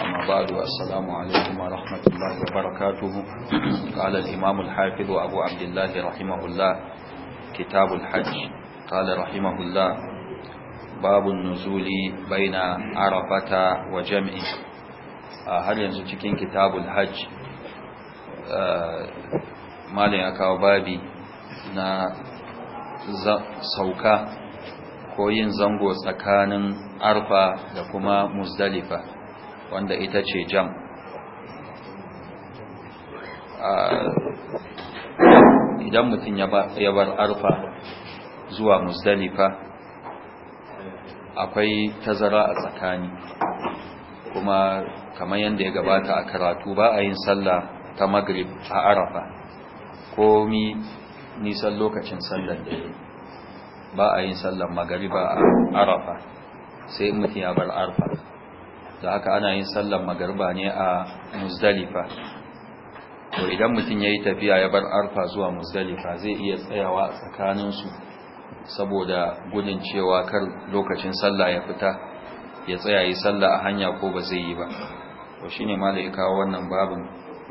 أما بعد السلام عليكم ورحمة الله وبركاته قال الإمام الحافظ أبو عبد الله رحمه الله كتاب الحج قال رحمه الله باب النزول بين عرفة وجمع هل ينزل كتاب الحج malin ya kawo babi na sauka ko yin zango tsakanin arfa da kuma muzdalifa wanda ita ce jam idan mutum ya bar arfa zuwa musdalifa akwai tazara a tsakani kuma kamar yadda ya gabata a karatu ba a yin sallah ta magrib a arafa ko mi nisan lokacin sallar da ba a yin sallar magariba a arafa sai mutum ya bar arfa da haka ana yin sallar magarba ne a muzdalifa to idan mutum ya yi tafiya ya bar arfa zuwa muzdalifa zai iya tsayawa tsakaninsu saboda gudun cewa kar lokacin sallah ya fita ya tsaya yi sallah a hanya ko ba zai yi ba to shine malai ya kawo wannan babin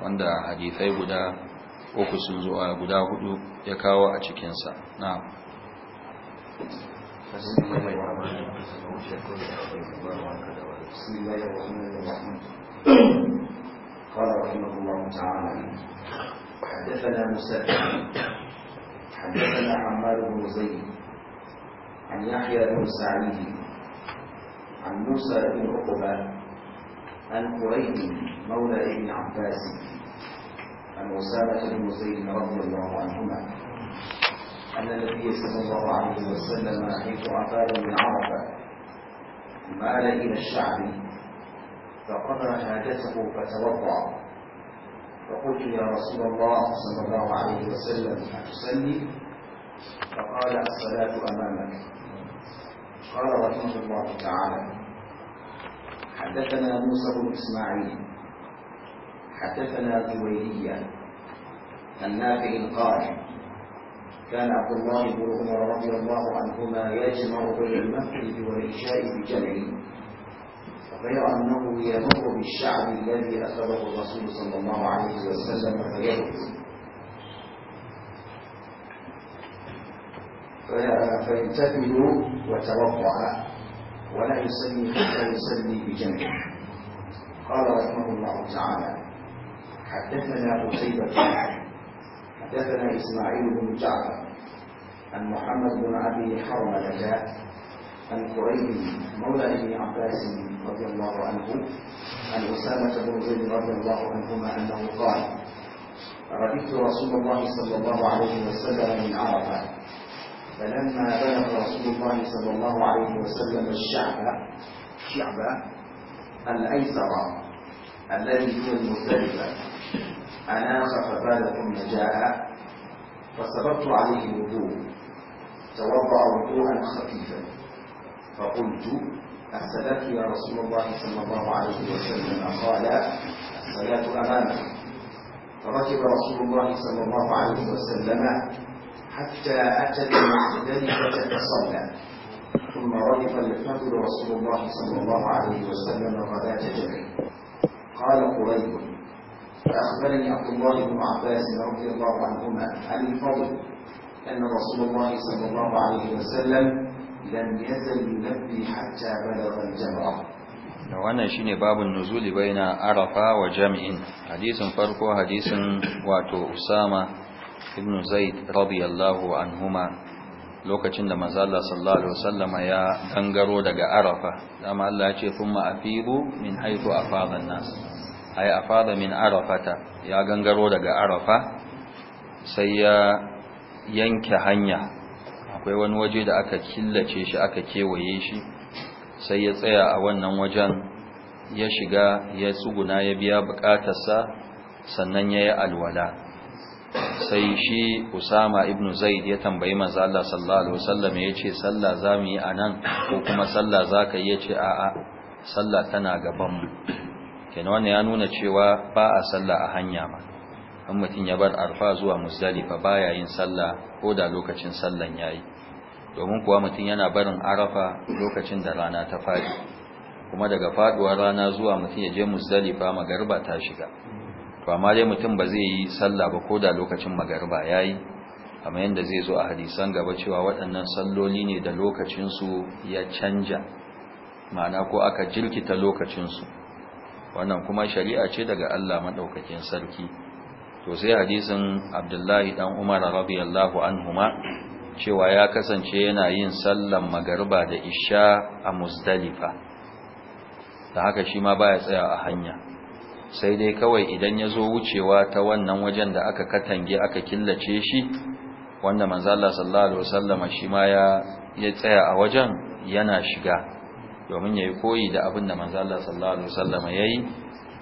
wanda hadisai guda uku sun zo guda hudu ya kawo a cikinsa na'am Thank you. بسم الله الرحمن الرحيم قال رحمه الله تعالى حدثنا مسافر حدثنا عمار بن زيد عن يحيى بن سعيد عن موسى بن عقبة عن قريب مولى ابن عباس عن أسامة بن زيد رضي الله عنهما أن النبي صلى الله عليه وسلم حيث أتاه من عرفة مال إلى الشعب فقضى حاجته فتوضأ فقلت يا رسول الله صلى الله عليه وسلم أتصلي فقال الصلاة أمامك قال رحمه الله تعالى حدثنا موسى بن إسماعيل حدثنا جويرية النافع القائم كان عبد الله بن عمر رضي الله عنهما يجمع بين المسجد والإنشاء بجمعه غير أنه يمر بالشعب الذي أخذه الرسول صلى الله عليه وسلم فيجلس فيلتفت وتوقع ولا يسلي حتى يسلي بجمعه قال رحمه الله تعالى حدثنا قتيبة حدثنا إسماعيل بن جعفر عن محمد بن أبي حرملة عن قريب مولى ابن عباس رضي الله عنه عن أسامة بن زيد رضي الله عنهما أنه قال رأيت رسول الله صلى الله عليه وسلم من عرفة فلما بلغ رسول الله صلى الله عليه وسلم الشعب شعب الأيسر الذي هو المزدلفة أنا فبال ثم جاء فسببت عليه الوضوء توضأ وضوءا خفيفا فقلت أسألك يا رسول الله صلى الله عليه وسلم قال الصلاة أمامك فركب رسول الله صلى الله عليه وسلم حتى أتى المختلفة فصلى ثم رجف الفجر رسول الله صلى الله عليه وسلم غداة جبل قال قريب فأخبرني عبد الله بن عباس رضي الله عنهما عن الفضل أن رسول الله صلى الله عليه وسلم لم يزل يلبي حتى بلغ الجمرة نعم، وانا شيني باب النزول بين عرفة وجمع حديث فرق حديث واتو أسامة ابن زيد رضي الله عنهما لوكتشن لما مازال صلى الله عليه وسلم يا تنقرو دق عرفة لما الله يقول ثم أفيبوا من حيث أفاض الناس ay afada min arafata ya gangaro daga arafa sai ya yanke hanya akwai wani waje da aka killace shi aka kewaye shi sai ya tsaya a wannan wajen ya shiga ya tsuguna ya biya bukatarsa sannan ya yi alwala sai shi usama Ibnu zaid ya tambayi manzo Allah sallallahu alaihi wasallam ya ce sallah za mu yi anan ko kuma sallah zaka yi ya ce a'a sallah tana gaban mu kenan wannan ya nuna cewa ba a sallah a hanya ma in mutum ya bar arfa zuwa muzdalifa baya yin sallah ko da lokacin sallan yayi domin kuwa mutum yana barin arafa lokacin da rana ta faɗi, kuma daga faɗuwar rana zuwa mutum ya je muzdalifa magariba ta shiga to amma dai mutum ba zai yi sallah ba ko da lokacin magariba yayi kamar yadda zai zo a hadisan gaba cewa waɗannan salloli ne da lokacinsu ya canja ma'ana ko aka jirkita lokacinsu wannan kuma shari'a ce daga Allah madaukakin sarki to sai hadisin Abdullahi dan Umar radiyallahu anhuma cewa ya kasance yana yin sallan magariba da isha a muzdalifa da haka shi ma baya tsaya a hanya sai dai kawai idan ya zo wucewa ta wannan wajen da aka katange aka killace shi wanda manzo Allah sallallahu alaihi wasallam shi ma ya tsaya a wajen yana shiga domin ya yi koyi da abin da manzo Allah sallallahu alaihi wasallam yayi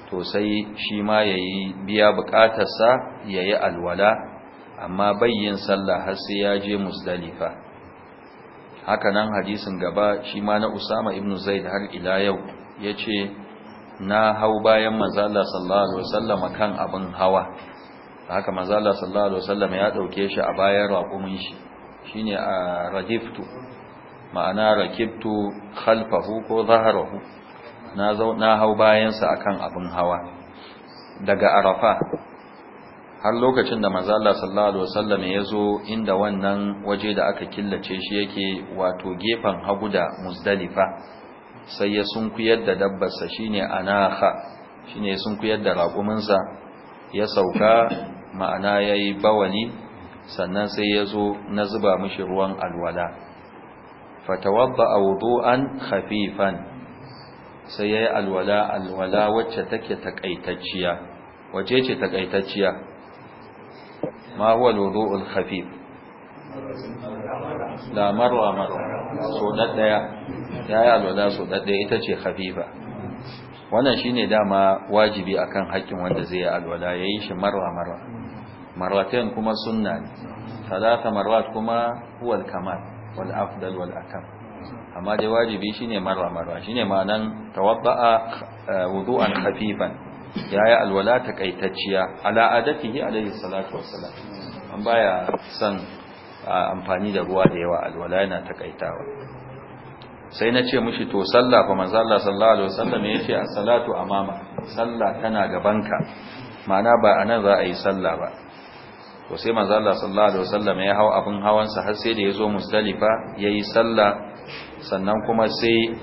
to sai shi ma ya yi biya bukatarsa yi alwala amma bayyin sallah har sai ya je musdalifa haka nan hadisin gaba shi ma na Usama ibn Zaid har ila yau ya ce na hau bayan Manzala Allah sallallahu alaihi wasallam kan abin hawa haka Manzala Allah sallallahu alaihi wasallam ya ɗauke shi a bayan raƙumin shi shine a radiftu ma'ana rakibtu khalfahu ko zaharahu na zauna hau bayansa akan abin hawa daga arafa har lokacin da Allah sallallahu alaihi wasallam ya zo inda wannan waje da aka killace shi yake wato gefen hagu da muzdalifa sai ya sunkuyar da dabbarsa shine anaha shine ya sunkuyar da raƙuminsa ya sauka ma'ana yayi bawali sannan sai ya zo na zuba mishi ruwan alwala fatawadda wudu'an khafifan sai yayi alwala alwala wacce take takaitacciya wace ce takaitacciya ma huwa alwudu'ul khafif la marwa marwa so daddaya yayi alwala so daddaya ita ce khafifa wannan shine dama wajibi akan haƙƙin wanda zai yi alwala yayin shi marwa marwa marratayn kuma sunna ne salata marrat kuma huwa al wal afdal wal akam amma dai wajibi shine marwa marwa shine ma'anan tawabba'a eh, wudu'an khafifan yaya alwala takaitacciya ala adatihi alayhi salatu wassalam an baya san eh, amfani da ruwa da yawa alwala yana takaitawa sai na ce mushi to sallah fa manzo Allah sallallahu alaihi wasallam yace as-salatu amama sallah tana gabanka ma'ana ba anan za a yi sallah ba to sai manzo Allah sallallahu alaihi wasallam ya hawo abin sa har sai da ya zo Muzdalifa yayi sallah sannan kuma sai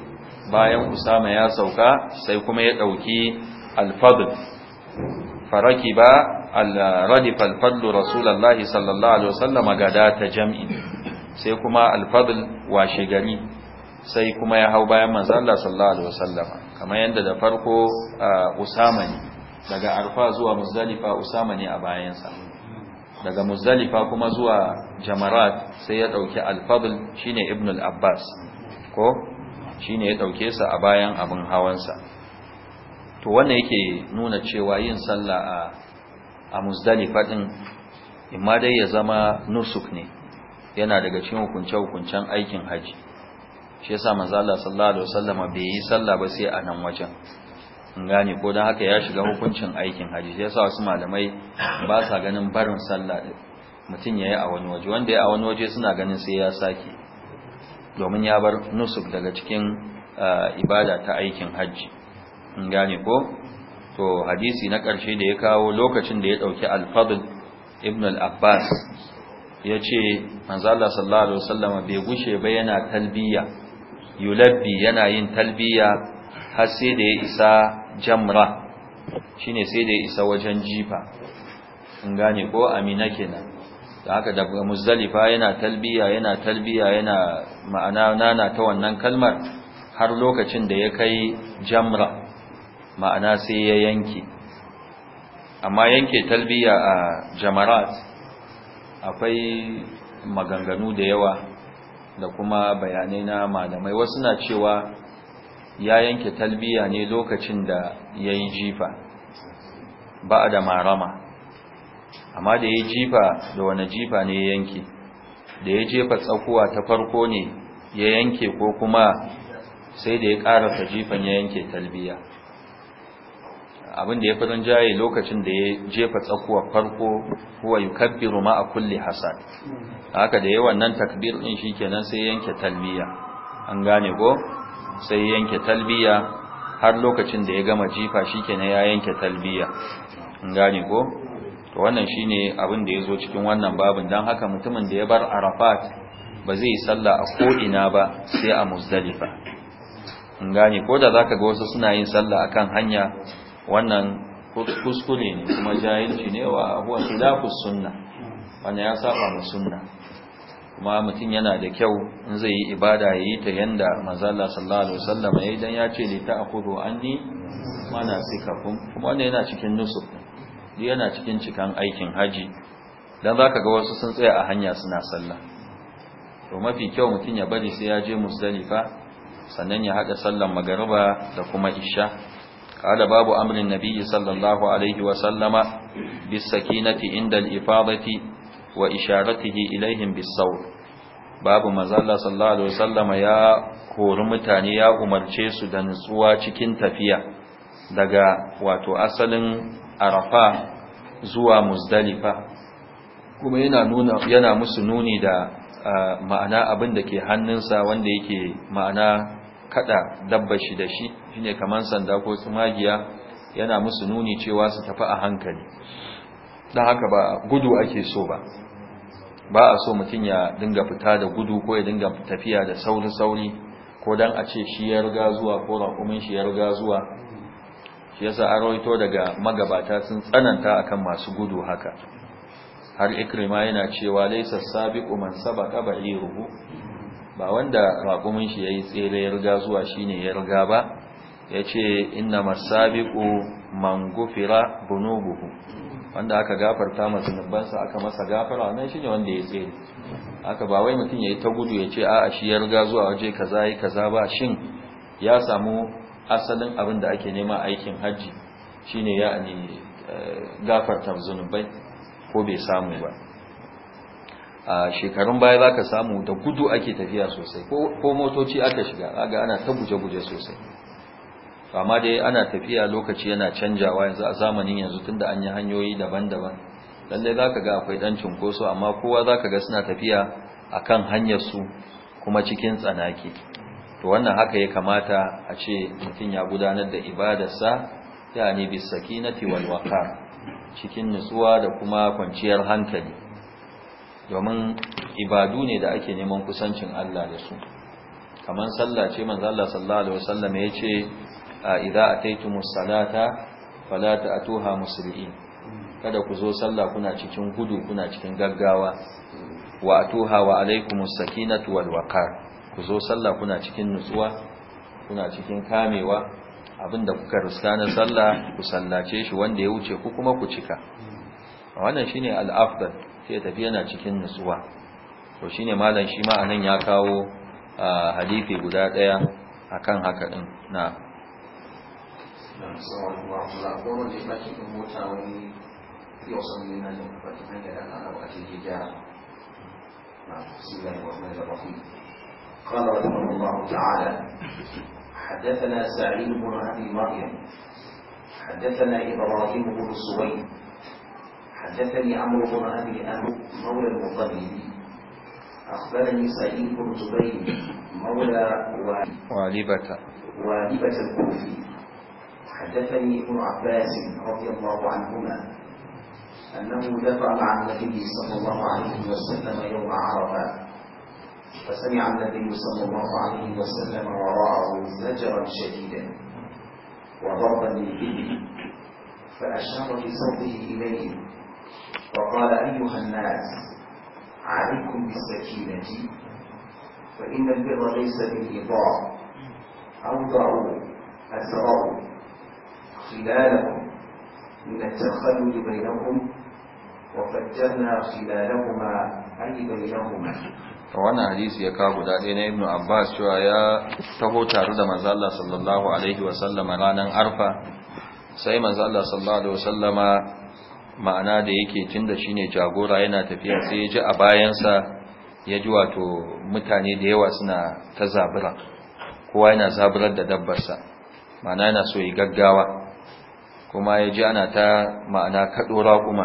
bayan Usama ya sauka sai kuma ya dauki al-fadl farakiba al-radif al-fadl rasulullahi sallallahu alaihi wasallam gada ta jam'i sai kuma al-fadl washe gari sai kuma ya hau bayan manzo Allah sallallahu alaihi wasallam kamar yanda da farko uh, Usama ne daga Arfa zuwa Muzdalifa Usama ne a bayansa daga muzdalifa kuma zuwa jamarat sai ya dauki al-fadl shine ibn al-abbas ko shine ya dauke sa a bayan abin hawansa to wannan yake nuna cewa yin sallah a a muzdalifa din imma dai ya zama nusuk ne yana daga cikin hukunce hukuncen aikin haji shi yasa manzo Allah sallallahu alaihi wasallama bai yi sallah ba sai a nan wajen gane ko don haka ya shiga hukuncin aikin hajji sai yasa wasu malamai ba sa ganin barin sallah din mutum yayi a wani waje wanda ya a wani waje suna ganin sai ya saki domin ya bar nusuk daga cikin ah, ibada ta aikin hajji gane ko to hadisi na ƙarshe da ya kawo lokacin da ya ɗauki al ibn al-abbas ya ce manzala sallallahu alaihi bai gushe ba yana talbiya yulabbi yana yin talbiya har sai da ya isa jamra shine sai da isa wajen jifa in gane ko amina kenan da haka da muzalifa yana talbiya yana talbiya yana ma'ana nana ta wannan kalmar har lokacin da ya kai jamra ma'ana sai ya yanke amma yanke talbiya a jamarat akwai maganganu da yawa da kuma bayanai na malamai wasu na cewa ya yanke talbiya ne lokacin da ya yi jifa ba da marama amma da ya jifa da wani jifa ne ya yanke da ya jefa tsakuwa ta farko ne ya yanke ko kuma sai da ya karasa jifan ya yanke talbiya abin ya fi jaye lokacin da ya jefa tsakuwa farko yi kabbiru ma a kulle hasad haka da yawan nan takbir ɗin shi kenan sai yanke talbiya an gane ko sai yanke talbiya har lokacin da ya gama jifa shi shikenan ya yanke talbiya in gane ko to wannan shine abin da ya zo cikin wannan babin dan haka mutumin da ya bar Arafat ba zai sallah a ko'ina ba sai a Muzdalifa in gane ko da zaka ga wasu suna yin sallah akan hanya wannan kuskure ne kuma jahilci ne wa huwa khilafus sunna wannan ya saba mu sunna kuma mutum yana da kyau in zai yi ibada ya yi ta yanda mazala sallallahu alaihi wasallam ya yi dan ya ce ne ta akudu anni mana sikakum kuma wannan yana cikin nusuk yana cikin cikan aikin haji dan zaka ga wasu sun tsaya a hanya suna sallah to mafi kyau mutum ya bari sai ya je musdalifa sannan ya haɗa sallar magariba da kuma isha قال babu amrin النبي صلى الله عليه وسلم بالسكينة عند wa isharatihi ilaihim bisawt babu mazalla sallallahu alaihi wasallam ya kori mutane ya umarce su da nutsuwa cikin tafiya daga wato asalin arafa zuwa muzdalifa kuma yana nuna yana musu nuni da ma'ana abin da ke hannunsa wanda yake ma'ana kada dabba shi da shi shine kaman sanda ko tsumagiya yana musu nuni cewa su tafi a hankali da haka ba gudu ake so ba ba a so mutum ya dinga fita da gudu ko ya dinga tafiya da sauri-sauri ko don a ce shi ya riga zuwa ko rakumin shi ya riga zuwa shi yasa a rawaito daga magabata sun tsananta akan masu gudu haka har ikrima yana cewa laisa sabiqu man sabaqa ba'iruhu ba wanda rakumin shi yayi tsere ya riga zuwa shine ya riga ba yace inna masabiqu man gufira bunubuhu wanda aka gafarta masu nubansa aka masa gafara wannan ne wanda ya tsere aka ba wai mutum ya yi ta gudu ya ce a shi ya riga zuwa waje kaza yayi kaza ba shin ya samu asalin abin da ake nema aikin hajji shi ne ya ne eh, gafarta zunubai ko bai samu ba a shekarun baya ka samu da gudu ake tafiya sosai ko motoci aka shiga aga ana ta guje-guje sosai amma dai ana tafiya lokaci yana canjawa yanzu a zamanin yanzu tun da an yi hanyoyi daban-daban lallai zaka ga akwai dan cunkoso amma kowa zaka ga suna tafiya akan hanyar su kuma cikin tsanaki to wannan haka ya kamata a ce mutum ya gudanar da ibadarsa yani bis sakinati wal waqar cikin nutsuwa da kuma kwanciyar hankali domin ibadu ne da ake neman kusancin Allah da su kamar sallah ce manzo Allah sallallahu alaihi wasallam ya ce idza ataytumus salata fala ta'tuha muslimin kada ku zo sallah kuna cikin gudu kuna cikin gaggawa wa atuha wa alaikumus sakinatu wal waqar ku zo sallah kuna cikin nutsuwa kuna cikin kamewa abinda kuka rusa na sallah ku sallace shi wanda ya wuce ku kuma ku cika wannan shine al-afdal sai tafi yana cikin nutsuwa to shine malam shi ma anan ya kawo hadisi guda daya akan haka din na على الرحيم قال رحمه الله تعالى حدثنا سعيد بن أبي مريم حدثنا إبراهيم بن سويد حدثني عمرو بن أبي أمر مولى المطلب أخبرني سعيد بن جبير مولى والبة والبة الكوفي حدثني ابن عباس رضي الله عنهما أنه دفع مع النبي صلى الله عليه وسلم يوم عرفة فسمع النبي صلى الله عليه وسلم وراءه زجرا شديدا وضربا للإبل فأشار بصوته إليه وقال أيها الناس عليكم بالسكينة فإن البر ليس بالإضاء أوضعوا أسرار خلالهم من التخلل بينهم وفجرنا خلالهما أي بينهما wannan hadisi ya kawo guda ɗaya na ibnu abbas cewa ya taho tare da manzo Allah sallallahu alaihi wa sallama ranan arfa sai manzo Allah sallallahu alaihi wa sallama ma'ana da yake tunda shine jagora yana tafiya sai ya ji a bayansa ya ji wato mutane da yawa suna ta zabura kowa yana zaburar da dabbar sa, ma'ana yana so ya gaggawa kuma ya ji ana ta ma'ana kaɗo raƙuma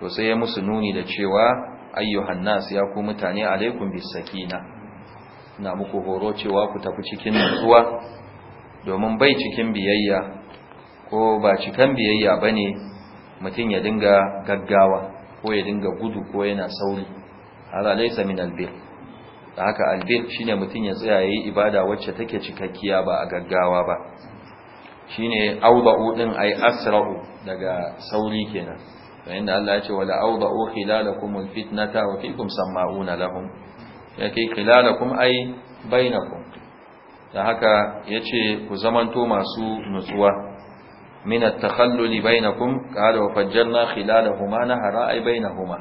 to sai ya musu nuni da cewa ayyuhan nas ya ku mutane alaikum bisakina, na muku horo cewa ku tafi cikin nutsuwa domin bai cikin biyayya ko ba cikin biyayya bane mutum ya dinga gaggawa ko ya dinga gudu ko yana sauri hada laisa min albir da haka albir shine mutum ya tsaya yi ibada wacce take cikakkiya ba a gaggawa ba shine awda'u din ay asra'u daga sauri kenan to inda Allah ya ce wala awda'u khilalakumul fitnata wa fikum sama'una lahum yake khilalakum ay bainakum Ta haka yace ku zamanto masu nutsuwa min at-takhalluli bainakum qala wa fajjarna khilalahuma nahara ay bainahuma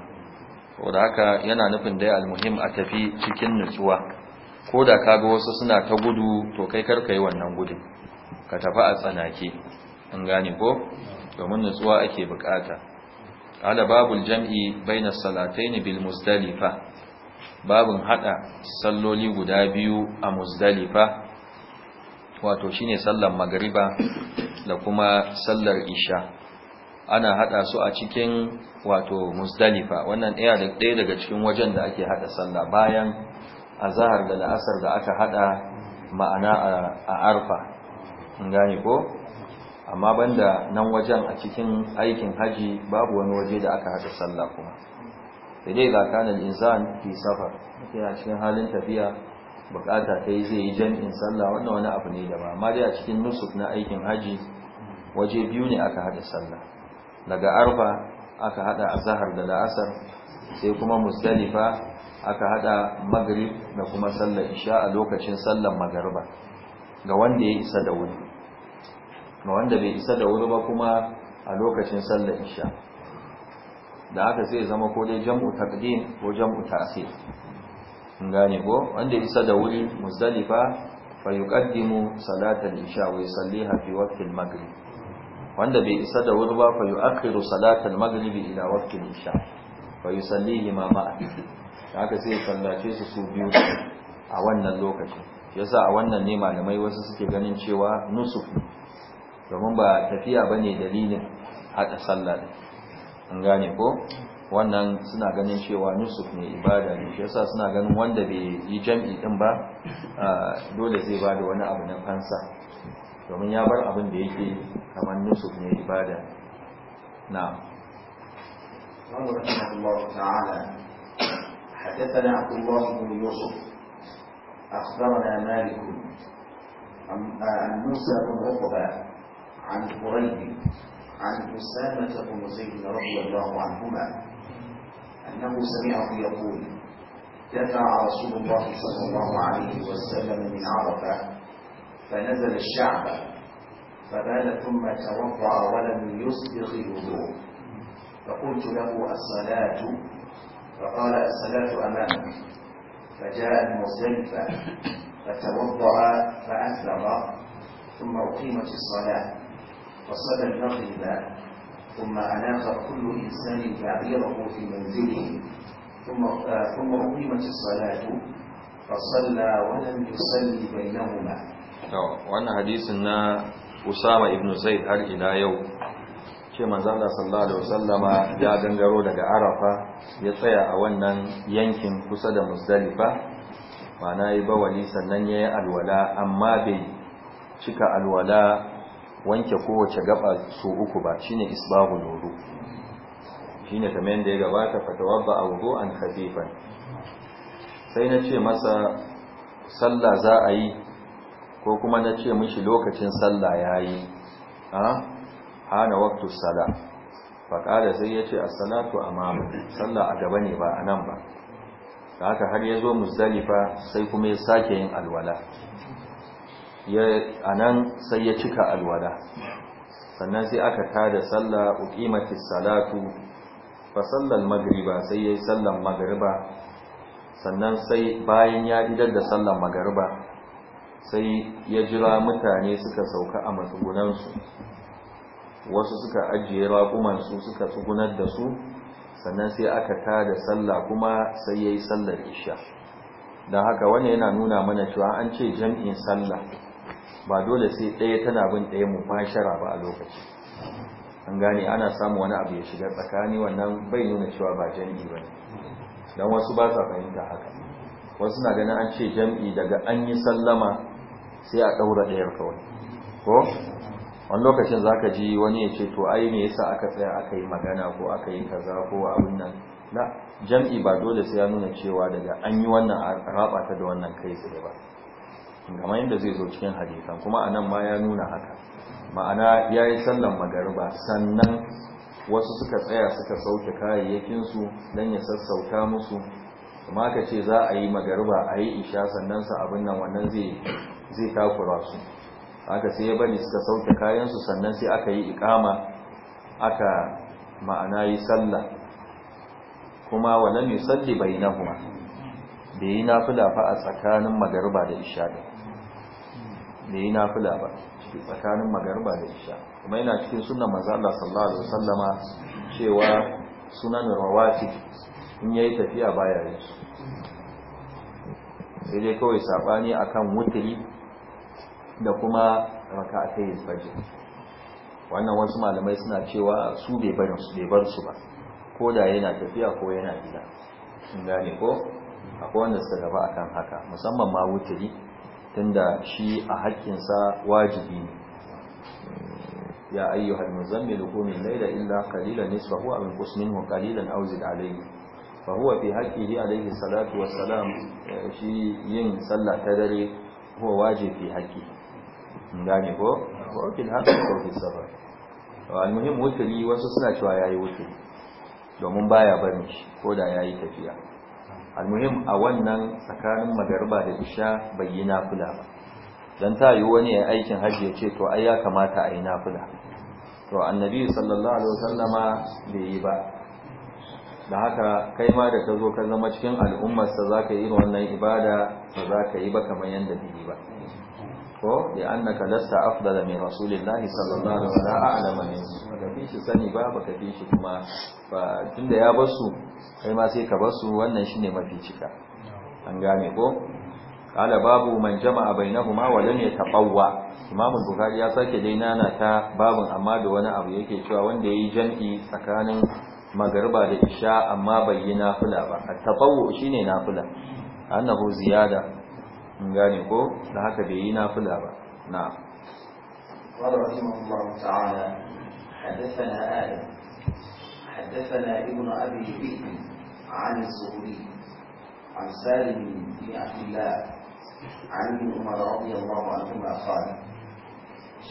to da haka yana nufin dai almuhim a tafi cikin nutsuwa ko da kaga wasu suna ta gudu to kai ka yi wannan gudun ka tafi a tsanake an gane ko domin nutsuwa ake bukata ala babul jam'i baina salatayn bil muzdalifa babun hada salloli guda biyu a muzdalifa wato shine sallar magriba da kuma sallar isha ana hada su a cikin wato muzdalifa wannan ɗaya daga cikin wajen da ake hada sallah bayan azhar da la'asar da aka hada ma'ana a arfa gane ko amma banda nan wajen a cikin aikin haji babu wani waje da aka haɗa sallah kuma sai dai ga insan fi safar yana cikin halin tafiya bukata ta yi zai yi jam'in sallah wannan wani abu ne da ba amma dai a cikin nusuf na aikin haji waje biyu ne aka haɗa sallah daga arfa aka haɗa azahar da la'asar sai kuma musdalifa aka haɗa magrib da kuma sallar isha a lokacin sallar magarba ga wanda ya isa da wuri Na wanda bai isa da wuri ba kuma a lokacin sallar isha da haka zai zama ko dai jam'u taqdim ko jam'u ta'khir kun gane ko wanda isa da wuri muzdalifa fa yuqaddimu salatan isha wa yusalliha fi waqti al-maghrib wanda bai isa da wuri ba fa yu'akhiru salatan maghrib ila waqti al-isha fa yusallihi ma ma'a haka sai sallace su su biyu a wannan lokacin yasa a wannan ne malamai wasu suke ganin cewa nusuf domin ba tafiya ba ne dalilin haɗa sallah an gane ko wannan suna ganin cewa nusuf ne ibada ne shi yasa suna ganin wanda bai yi jam'i din ba dole zai bada wani abu na fansa domin ya bar abin da yake kamar nusuf ne ibada na حدثنا عبد الله بن يوسف أخبرنا مالك عن موسى بن عقبة عن قريب عن أسامة بن زيد رضي الله عنهما أنه سمعه يقول دفع رسول الله صلى الله عليه وسلم من عرفة فنزل الشعب فبال ثم توضأ ولم يصدق الوضوء فقلت له الصلاة فقال الصلاة أمامك فجاء المزدلفة فتوضأ فأثر ثم أقيمت الصلاة فصلى المغرب ثم أناق كل إنسان بعيره في منزله ثم ثم أقيمت الصلاة فصلى ولم يصلي بينهما. وأن حديثنا Usama ibn Zaid har ila yau ce manzo Allah sallallahu alaihi wasallama ya gangaro daga Arafa ya tsaya a wannan yankin kusa da Muzdalifa mana yi bawali sannan yayi alwala amma bai cika alwala wanke kowace gaba su uku ba shine isbahu nuru shine kamar yanda ya gabata fa fatawabba awdu an khafifan sai na ce masa sallah za a yi ko kuma na ce mishi lokacin sallah yayi a ah, hana waqtu salah kada sai yace as-salatu amama sallah a gaba ne ba anan ba haka har ya zo muzdalifa sai kuma ya sake yin alwala a nan sai ya cika alwala sannan sai aka tada sallah uqimati salatu fa sallal magriba sai yayi sallan magriba sannan sai bayan ya idar da sallan magriba sai ya jira mutane suka sauka a matsugunan su wasu suka ajiye raƙuman su suka tsugunar da su sannan sai aka tada sallah kuma sai yayi sallar isha dan haka wannan yana nuna mana cewa an ce jam'in sallah ba dole sai ɗaya tana bin ɗaya mu fashara ba a lokaci an gane ana samu wani abu ya shiga tsakani wannan bai nuna cewa ba jam'i ba ne don wasu ba sa fahimta haka wasu na ganin an ce jam'i daga an yi sallama sai a ɗaura ɗayar kawai ko wani lokacin za ka ji wani ya ce to ai me yasa aka tsaya aka yi magana ko aka yi kaza ko abin nan na jam'i ba dole sai ya nuna cewa daga an yi wannan a raba ta da wannan kai tsaye ba kamar yadda zai zo cikin hadisan kuma anan ma ya nuna haka ma'ana ya yi sallan magariba sannan wasu suka tsaya suka sauke kayayyakinsu don ya sassauta musu kuma ka ce za a yi magariba a yi isha sannan sa abin nan wannan zai takura su aka sai ya bari suka sauke kayansu sannan sai aka yi ikama aka ma'ana yi sallah kuma wala mai salli bai na kuma bai yi fa a tsakanin magariba da isha da yi nafila ba tsakanin magarba da isha kuma yana cikin sunan maza Allah sallallahu alaihi wasallama cewa sunan rawatib in yayi tafiya baya yi sai dai kawai sabani akan wutri da kuma raka'atai fajr wannan wasu malamai suna cewa su bai su bar su ba ko da yana tafiya ko yana gida sun gane ko akwai wanda suka gaba akan haka musamman ma wutri tunda shi a haƙƙinsa wajibi ne ya ayyuhal muzammilu qum al-layla illa qalilan nisfahu aw inqus minhu qalilan aw zid alayhi fa huwa fi haqqihi alayhi salatu wassalam shi yin sallah ta dare huwa wajibi fi haqqi ngani ko wa kin haqqi wa fil sabr al-muhim wutri wasu suna cewa yayi wutri domin baya barin shi ko da yayi tafiya almuhim a wannan tsakanin magarba da isha bai yi nafila ba dan ta yi wani ya aikin hajji ya ce to ai ya kamata a yi nafila to annabi sallallahu alaihi wasallama bai yi ba da haka kai ma da ka zo ka zama cikin al'ummarsa za ka yi wannan ibada ba za ka yi ba kamar yadda bai ba ko ya annaka lasta afdala min rasulillahi sallallahu alaihi wasallam a'lama min shi sani ba baka fi shi kuma ba tunda ya basu kai ma sai ka bar su wannan shine mafi cika an gane ko qala babu man jama'a bainahuma wa lam yatabawwa imam bukhari ya sake dai nana ta babun amma da wani abu yake cewa wanda yayi jam'i tsakanin magariba da isha amma bai yi nafila ba at shine nafila annahu ziyada An gane ko da haka bai yi nafila ba na'am wa rahimahullahu ta'ala حدثنا آدم حدثنا ابن أبي بكر عن الزهري عن سالم بن عبد الله عن ابن عمر رضي الله عنهما قال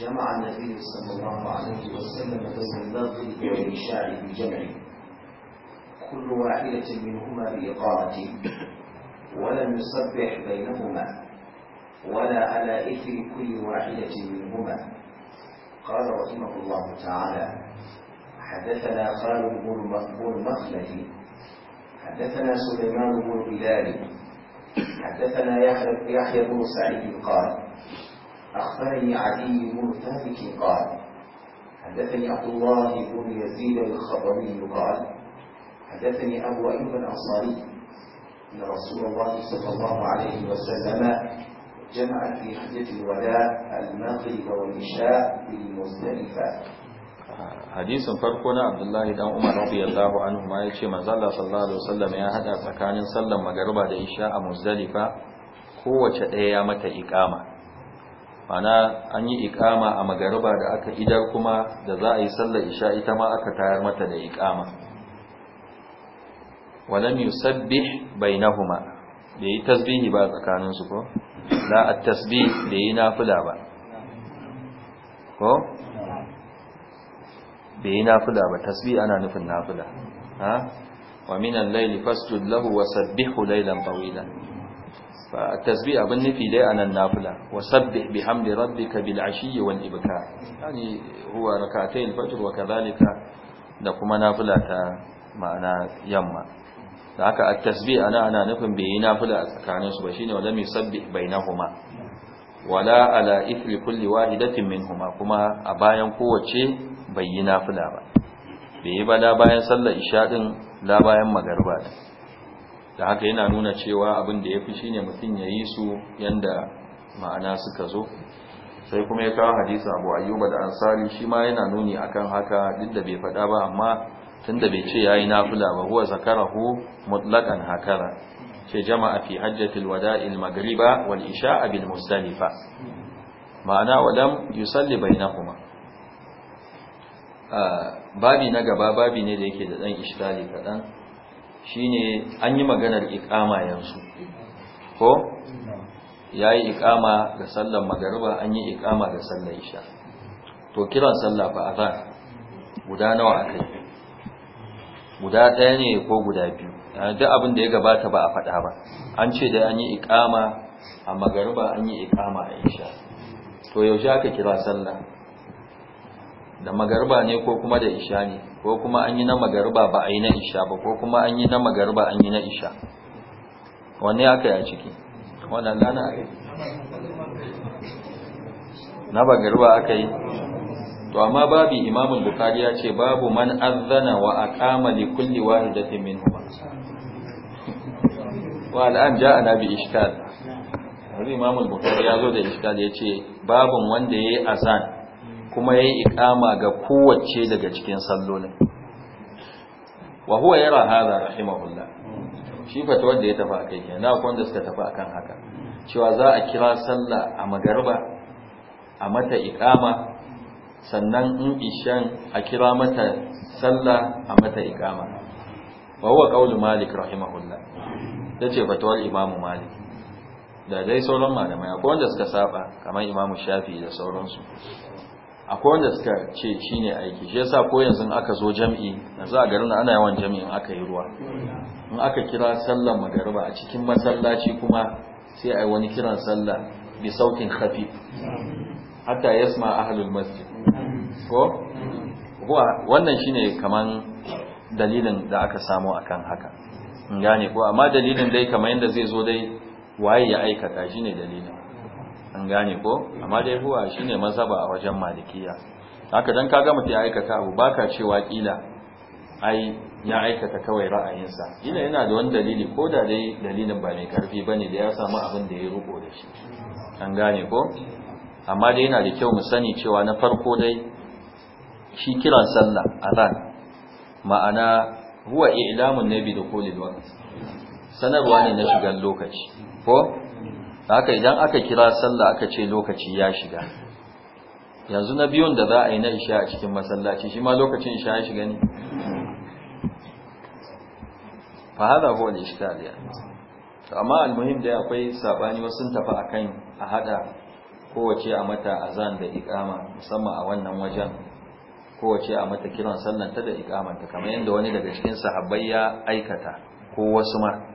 جمع النبي صلى الله عليه وسلم بين المغرب والعشاء بجمع كل واحدة منهما بإقامة ولم يسبح بينهما ولا على إثر كل واحدة منهما قال رحمه الله تعالى حدثنا خالد بن مخلفي حدثنا سليمان بن بلال حدثنا يحيى بن سعيد قال أخبرني علي بن ثابت قال حدثني عبد الله بن يزيد الخطبي قال حدثني أبو أيوب الأنصاري أن رسول الله صلى الله عليه وسلم جمع في حجة الوداع المغرب والعشاء بالمزدلفة hadisin farko na abdullahi dan umar radiyallahu anhu ma ya ce, Allah sallallahu alaihi wasallam ya hada tsakanin sallar magariba da isha a muzdalifa kowace ɗaya ya mata iqama mana an yi iqama a magariba da aka idar kuma da za a yi sallar isha ita ma aka tayar mata da iqama walam yusabbih bainahuma bai yi tasbihi ba tsakanin su ko la at-tasbih bai yi nafila ba ko bai yi nafila ba tasbih ana nufin nafula. ha wa min al-layli fasjud lahu wa sabbihu laylan tawila fa tasbih abin nufi dai anan nafula wa sabbih bihamdi rabbika bil ashiyyi wal ibkar yani huwa rak'atay al-fajr wa kadhalika da kuma nafula ta ma'ana yamma da haka at-tasbih ana ana nufin bai yi nafila a tsakaninsu ba shine wala yusabbih bainahuma wala ala ithli kulli wahidatin minhuma kuma a bayan kowace bai yi nafila ba bai yi ba bayan sallar isha din la bayan magarba da haka yana nuna cewa abin da ya yafi shine mutum ya yi su yanda ma'ana suka zo sai kuma ya kawo hadisi Abu Ayyub da ansari shi ma yana nuni akan haka duk da bai faɗa ba amma tunda bai ce ya yi nafila ba huwa zakarahu mutlaqan hakara ce jama'a fi hajjatil wada'i al-maghriba wal isha'a bil muzdalifa ma'ana walam yusalli bainahuma babi na gaba babi ne da yake da dan ishtali kadan shine an yi maganar iqama yanzu ko yayi iqama ga sallar magariba an yi iqama ga sallar isha to kiran sallah fa azan guda nawa akai guda ɗaya ne ko guda biyu duk abin da ya gabata ba a faɗa ba an ce da an yi iqama a magariba an yi iqama a isha to yaushe aka kira sallah da magarba ne ko kuma da isha ne ko kuma an yi na magarba ba a yi na isha ba ko kuma an yi na magarba an yi na isha wanne aka yi a ciki wannan gana a yi na magarba aka yi to amma babi imamun bukari ya ce babu man azzana wa aqama da kulli min minhum wa al'an a nabi ishkal Imam imamun bukari ya zo da ishkal yace babun wanda ya yi azan kuma yayi iqama ga kowace daga cikin sallolin wa huwa yara hada rahimahullah shi fa ta wanda ya tafi akai ne na akwai wanda suka tafi akan haka cewa za a kira sallah a magarba a mata iqama sannan in ishan a kira mata sallah a mata iqama wa huwa qaulu malik rahimahullah yace fatawar imamu malik da dai sauran malamai akwai wanda suka saba kamar imamu shafi da sauransu akwai wanda suka ce shi ne aiki shi yasa ko yanzu aka zo jami'i yanzu a garin ana yawan in aka yi ruwa in aka kira sallar magariba a cikin masallaci kuma sai a yi wani kiran sallah bi saukin khafi hatta yasma ahlul masjid ko Kuwa wannan shine kaman dalilin da aka samu akan haka in gane ko amma dalilin dai kamar yadda zai zo dai waye ya aikata shine dalilin an gane ko amma dai huwa shine mazhaba a wajen malikiya haka dan kaga mutum ya aikata abu baka cewa kila ai ya aikata kawai ra'ayinsa kila yana da wani dalili ko da dai dalilin ba mai karfi bane da ya samu abin da ya rubo da shi an gane ko amma dai yana da kyau mu sani cewa na farko dai shi kiran sallah azan ma'ana huwa i'lamun nabi da kulli waqt sanarwa ne na shigan lokaci ko haka idan aka kira sallah aka ce lokaci ya shiga yanzu na biyun da za a yi na isha a cikin masallaci shi ma lokacin isha ya shiga ne fa hada huwa al-ishkal ya amma al-muhim da akwai sabani wasu sun tafi akan a hada kowace a mata azan da iqama musamman a wannan wajen kowace a mata kiran sallan ta da iqamanta kamar yadda wani daga cikin sahabbai ya aikata ko wasu ma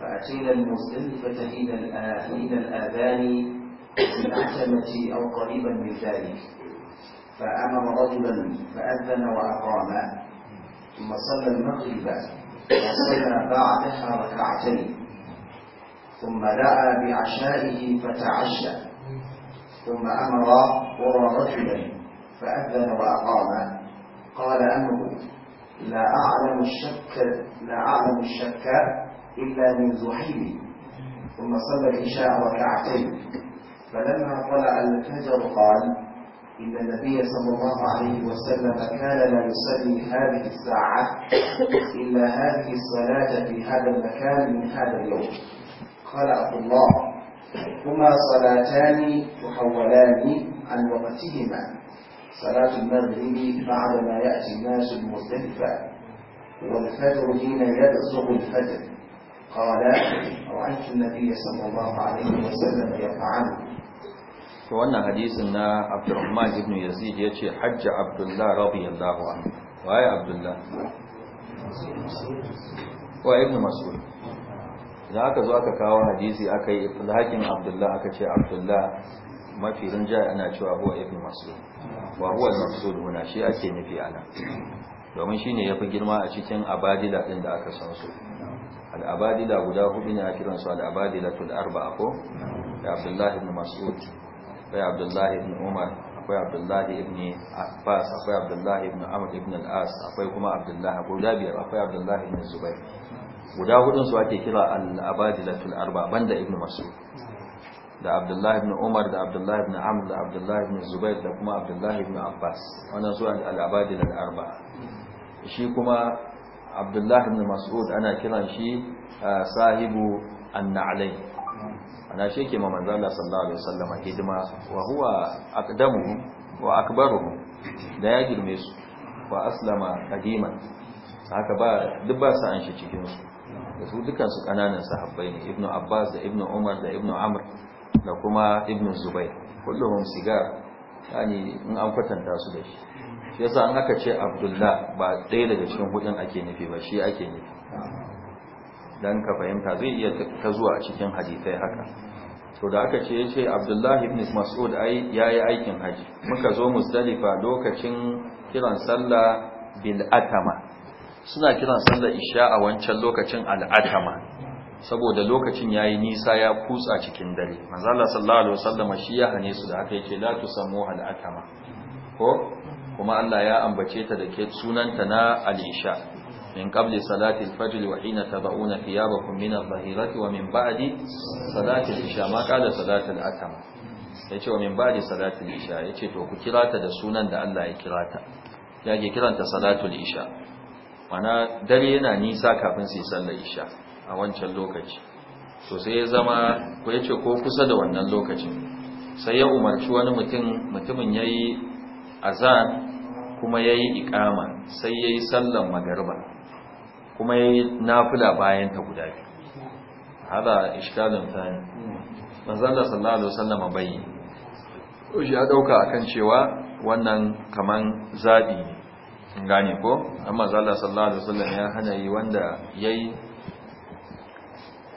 فأتينا المزدلفة حين الآذان في بالعتمة أو قريبا من ذلك فأمر رجلا فأذن وأقام ثم صلى المغرب وصلى بعدها ركعتين ثم دعا بعشائه فتعشى ثم أمر ورى رجلا فأذن وأقام قال أمره لا أعلم الشك لا أعلم الشك إلا من زحيم ثم صلى العشاء ركعتين فلما طلع الفجر قال إن النبي صلى الله عليه وسلم كان لا يصلي هذه الساعة إلا هذه الصلاة في هذا المكان من هذا اليوم قال عبد الله هما صلاتان تحولان عن وقتهما صلاة المغرب بعدما يأتي الناس المزدلفة والفجر حين يبزغ الفجر قال رأيت النبي صلى الله عليه وسلم يفعل to wannan hadisin na Abdurrahman ibn Yazid yace hajja Abdullah radiyallahu anhu waye Abdullah wa ibn Mas'ud da aka zo aka kawo hadisi aka yi hakin Abdullah aka ce Abdullah mafi rinjaye ana cewa huwa ibn Mas'ud wa huwa al masud huna shi ake nufi ana domin shine yafi girma a cikin abadila din da aka san su al'abadila guda hudu ne a kiransu al'abadilatul arba'a ko da abdullahi ibn mas'ud akwai abdullahi ibn umar akwai abdullahi ibn abbas akwai abdullahi ibn amr ibn Al'as akwai kuma abdullahi guda biyar akwai abdullahi ibn zubai guda hudun su ake kira al-abadilatul arba'a banda ibn mas'ud da abdullahi ibn umar da abdullahi ibn amr da abdullahi ibn zubai da kuma abdullahi ibn abbas wannan su al’abadila abadilatul arba shi kuma abdullah ibn mas'ud ana kiran shi sahibu annalai ana shi ke ma manzo Allah sallallahu alaihi wasallam hidima wa huwa aqdamu wa akbaru da ya girme su wa aslama qadiman haka ba duk ba sa an shi cikin su da su dukan su kananan sahabbai ne ibnu abbas da ibnu umar da ibnu amr da kuma ibnu zubair kulluhum sigar yani in an kwatanta su da shi yasa an aka ce abdullah ba ɗaya daga cikin hudun ake nufi ba shi ake nufi dan ka fahimta zai iya ta zuwa a cikin hadisai haka to da aka ce yace abdullah ibn mas'ud ai yayi aikin haji muka zo musdalifa lokacin kiran sallah bil atama suna kiran sallah isha a wancan lokacin al atama saboda lokacin yayi nisa ya kutsa cikin dare manzo Allah sallallahu alaihi wasallam shi ya hane su da haka yake la tusammu al atama ko kuma Allah ya ambace ta da ke sunanta na al-isha min qabli salati al-fajr wa hina tabauna thiyabakum min adh-dhahirati wa min ba'di salati al-isha ma qala salati al-asr yace wa min ba'di salati al-isha yace to ku kira ta da sunan da Allah ya kira ta yake kiranta salatu al-isha mana dare yana nisa kafin sai sallar isha a wancan lokaci to sai ya zama ko yace ko kusa da wannan lokacin sai ya umarci wani mutum mutumin yayi azan kuma ya yi ikama sai ya yi sallan magarba kuma ya yi nafula bayan ta guda biyu hada ishkalin fani manzala sallallahu alaihi bai bayi shi ya dauka akan cewa wannan kaman zabi ne in gane ko amma manzala sallallahu alaihi wasallam ya hana yi wanda yayi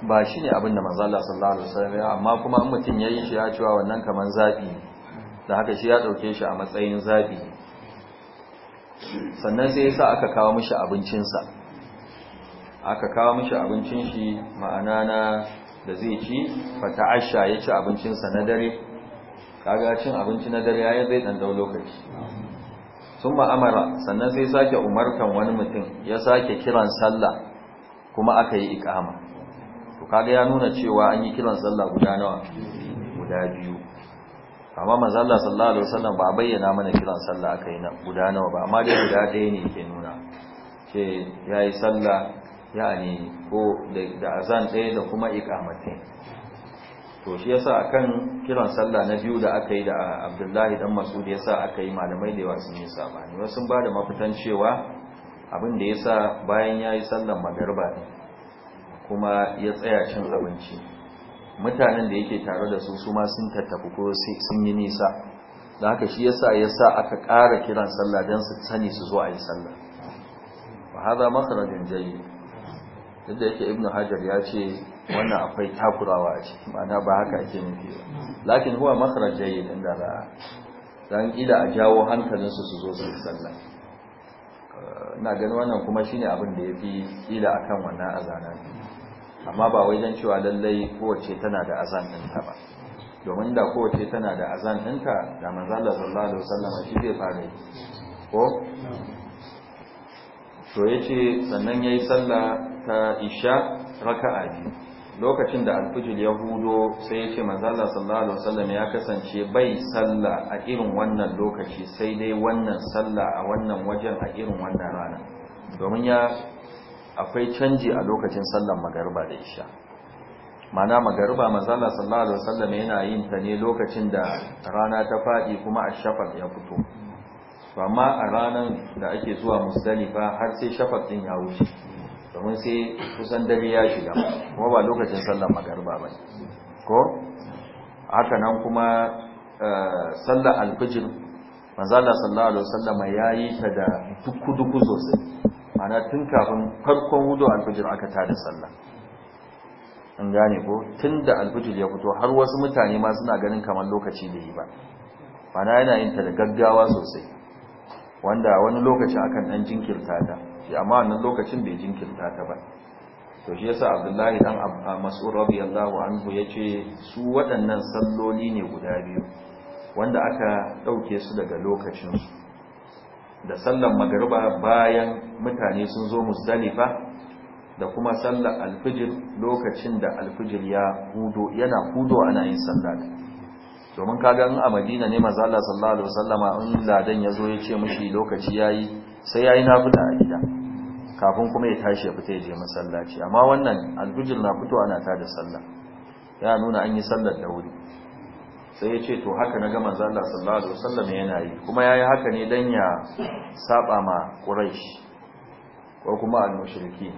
ba ne abin da manzala sallallahu alaihi wasallam ya amma kuma mutum mutun yayi shi ya cewa wannan kaman zabi da haka shi ya dauke shi a matsayin zabi sannan sai yasa aka kawo mishi abincinsa aka kawo mishi abincin shi ma'ana na da zai ci fata asha ya ci abincinsa na dare kaga cin abinci na dare ya zai dan dau lokaci sun ma'amara sannan sai sake umartan wani mutum ya sake kiran sallah kuma aka yi ikama to kaga ya nuna cewa an yi kiran sallah guda nawa guda biyu amma manzo Allah sallallahu alaihi wasallam ba bayyana mana kiran sallah akai na guda nawa ba amma dai guda ɗaya ne yake nuna ce yayi sallah yani ko da azan ɗaya da kuma iqamatin to shi yasa akan kiran sallah na biyu da aka yi da Abdullahi dan Mas'ud yasa aka yi malamai da yawa sun yi sabani wasu ba da mafitan cewa abin da yasa bayan yayi sallar magriba ne kuma ya tsaya cin abinci mutanen da yake tare da su su ma sun tattafi ko sun yi nisa da haka shi yasa yasa aka ƙara kiran sallah don su sani su zo a yi sallah ba haza makarajin jayi duk da yake ibnu hajar ya ce wannan akwai takurawa a ciki ma'ana ba haka ake nufi ba lakin huwa makarajin jayi din da ra'a don ila a jawo hankalinsu su zo su yi sallah ina ganin wannan kuma shine abin da ya fi ila akan wannan zanen. amma ba wai don cewa lallai kowace tana da azan ɗinta ba domin da kowace tana da azan ɗinta da manzala sallallahu alaihi wasallam shi zai fara yi ko to yace sannan yayi sallah ta isha raka'a biyu lokacin da alfujil ya hudo sai ya ce manzala sallallahu alaihi wasallam ya kasance bai sallah a irin wannan lokaci sai dai wannan sallah a wannan wajen a irin wannan rana domin ya akwai canji a lokacin sallan magariba da isha mana magariba mazala sallallahu alaihi wasallam yana yin ta ne lokacin da rana ta fadi kuma ash ya fito amma a ranar da ake zuwa musdalifa har sai shafaq din ya wuce domin sai kusan dare ya shiga kuma ba lokacin sallar magariba bane ko haka nan kuma eh, sallar alfajr fajr manzala sallallahu alaihi wasallam yayi ta da duku duku sosai mana tun kafin farkon hudu alfijir aka ta da sallah an gane ko tun da alfijir ya fito har wasu mutane ma suna ganin kamar lokaci da yi ba mana yana yin ta da gaggawa sosai wanda wani lokaci akan dan jinkirta ta shi amma wannan lokacin bai jinkirta ta ba to shi yasa abdullahi dan mas'ud radiyallahu anhu yace su waɗannan salloli ne guda biyu wanda aka dauke su daga lokacin su da sallar magariba bayan mutane sun zo musdalifa da kuma sallar alfijir lokacin da alfijir ya hudo yana hudo ana yin sallar. domin kaga in a Madina ne maza Allah sallallahu sallama, in ladan ya zo ya ce mashi lokaci ya yi, sai ya yi na fita a gida kafin kuma ya tashi ya fita ya je masallaci amma wannan alfijir na fito ana ta da sallar, ya nuna an yi sallar da wuri sai ya ce to haka na gama zala sallallahu alaihi wasallam yana yi kuma yayi haka ne dan ya saba ma quraish ko kuma al-mushriki